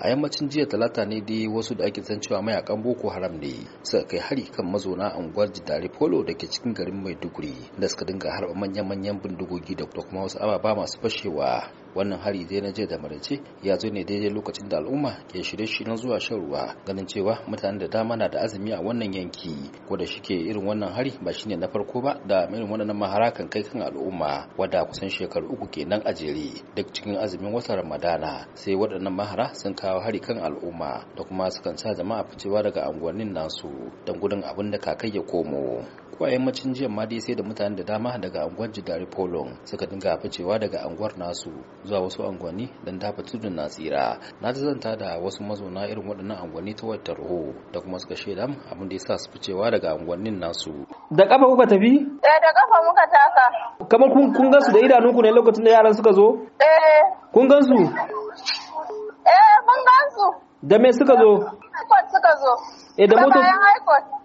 a yammacin jiya talata ne dai wasu da ake cewa mayakan boko haram ne suka kai hari kan mazauna unguwar jidare polo da ke cikin garin maiduguri da suka dinga harba manya-manyan bindigogi da kuma wasu ababa masu fashewa wannan hari dai na jiya da marace ya zo ne daidai lokacin da al'umma ke shirye-shiryen zuwa shan ruwa ganin cewa mutane da dama na da azumi a wannan yanki ko da shike irin wannan hari ba shine na farko ba da irin wannan maharakan kai kan al'umma wadda kusan shekaru uku kenan a jere duk cikin azumin watan ramadana sai waɗannan mahara sun kawo kawo hari kan al'umma da kuma sukan sa jama'a ficewa daga unguwannin nasu don gudun abin da kakai ya komo ko macin jiya ma sai da mutane da dama daga unguwar jidari polon suka dinga ficewa daga unguwar nasu zuwa wasu unguwanni don dafa tudun na tsira na zanta da wasu mazauna irin waɗannan unguwanni ta wata roho da kuma suka shaida abin da ya sa su ficewa daga unguwannin nasu da kafa kuka tafi eh da kafa muka taka kamar kun kun gansu da idanunku ne lokacin da yaran suka zo eh kun gansu eh mun su. da me suka zo suka zo eh da moto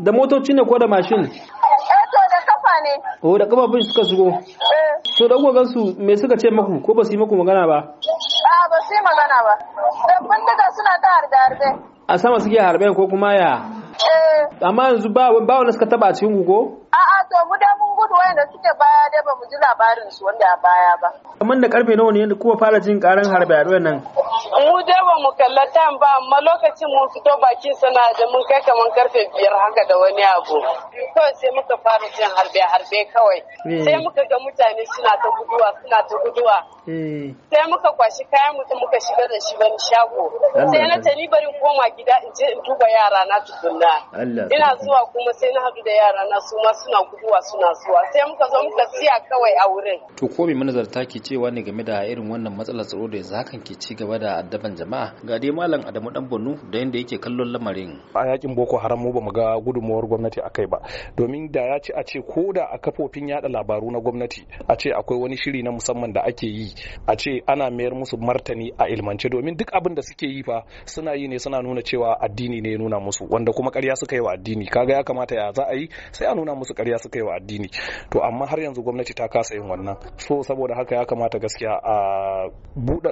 da motoci ne ko da mashin eh to da kafa ne oh da kafa bin suka shigo eh to da kuka su me suka ce maku ko ba su yi maku magana ba a ah, ba su yi magana ba da bindiga suna ta harbe harbe a sama suke harbe ko kuma ya eh. amma yanzu ba ba wanda suka taba cikin gugo a'a to mu da mun gudu wanda suke baya dai ba mu ji labarin su wanda a baya ba kamar da karfe nawa ne kuma fara jin karan harbe harbe nan mu dai ba mu kalla time ba amma lokacin mun fito bakin sana da mun kai kaman karfe biyar haka da wani abu kawai sai muka fara jin harbe harbe kawai eh. sai muka ga mutane suna ta guduwa suna ta guduwa eh. sai muka kwashi kayan mutum muka shiga da shi wani shago sai na ce ni bari koma gida in je in duba yara na tukunna ina zuwa kuma sai na haɗu da yara na su ma suna guduwa suna zuwa sai muka zo muka siya kawai a wurin to ko me manazarta ke cewa ne game da irin wannan matsalar tsaro da yanzu hakan ke ci gaba da daban jama'a ga dai malam Adamu Dan bonu da yanda yake kallon lamarin a yakin Boko Haram mu bamu ga gudummawar gwamnati akai ba domin da ya ci a ce ko da a kafofin yada labaru na gwamnati a ce akwai wani shiri na musamman da ake yi a ce ana mayar musu martani a ilmance domin duk abin da suke yi fa suna yi ne suna nuna cewa addini ne ya nuna musu wanda kuma ƙarya suka yi wa addini kaga ya kamata ya za a yi sai a nuna musu ƙarya suka yi wa addini to amma har yanzu gwamnati ta kasa yin wannan so saboda haka ya kamata gaskiya a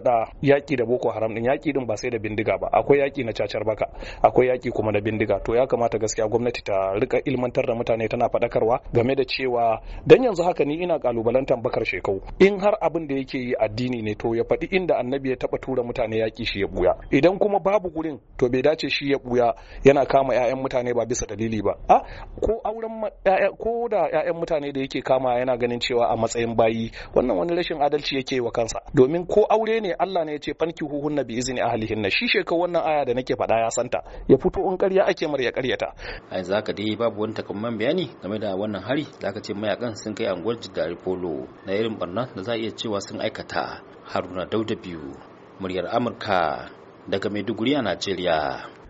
faɗa yaƙi da boko haram din yaƙi din ba sai da bindiga ba akwai yaƙi na cacar baka akwai yaƙi kuma na bindiga to ya kamata gaskiya gwamnati ta rika ilmantar da mutane tana faɗakarwa game da cewa dan yanzu haka ni ina kalubalantar bakar shekau in har abin da yake yi addini ne to ya faɗi inda annabi ya taɓa tura mutane yaƙi shi ya buya idan kuma babu gurin to bai dace shi ya buya yana kama 'ya'yan mutane ba bisa dalili ba a ko auren ko da 'ya'yan mutane da yake kama yana ganin cewa a matsayin bayi wannan wani rashin adalci yake wa kansa domin ko aure ne Allah ne ya ce fanki huhunna a halihin na shi shekau wannan aya da nake faɗa ya santa ya fito in karya ake mar ya ƙaryata a yanzu haka dai babu wani takamman bayani game da wannan hari da aka ce mayakan sun kai anguwar jidari polo na irin barna da za a iya cewa sun aikata haruna dauda biyu muryar amurka daga maiduguri a najeriya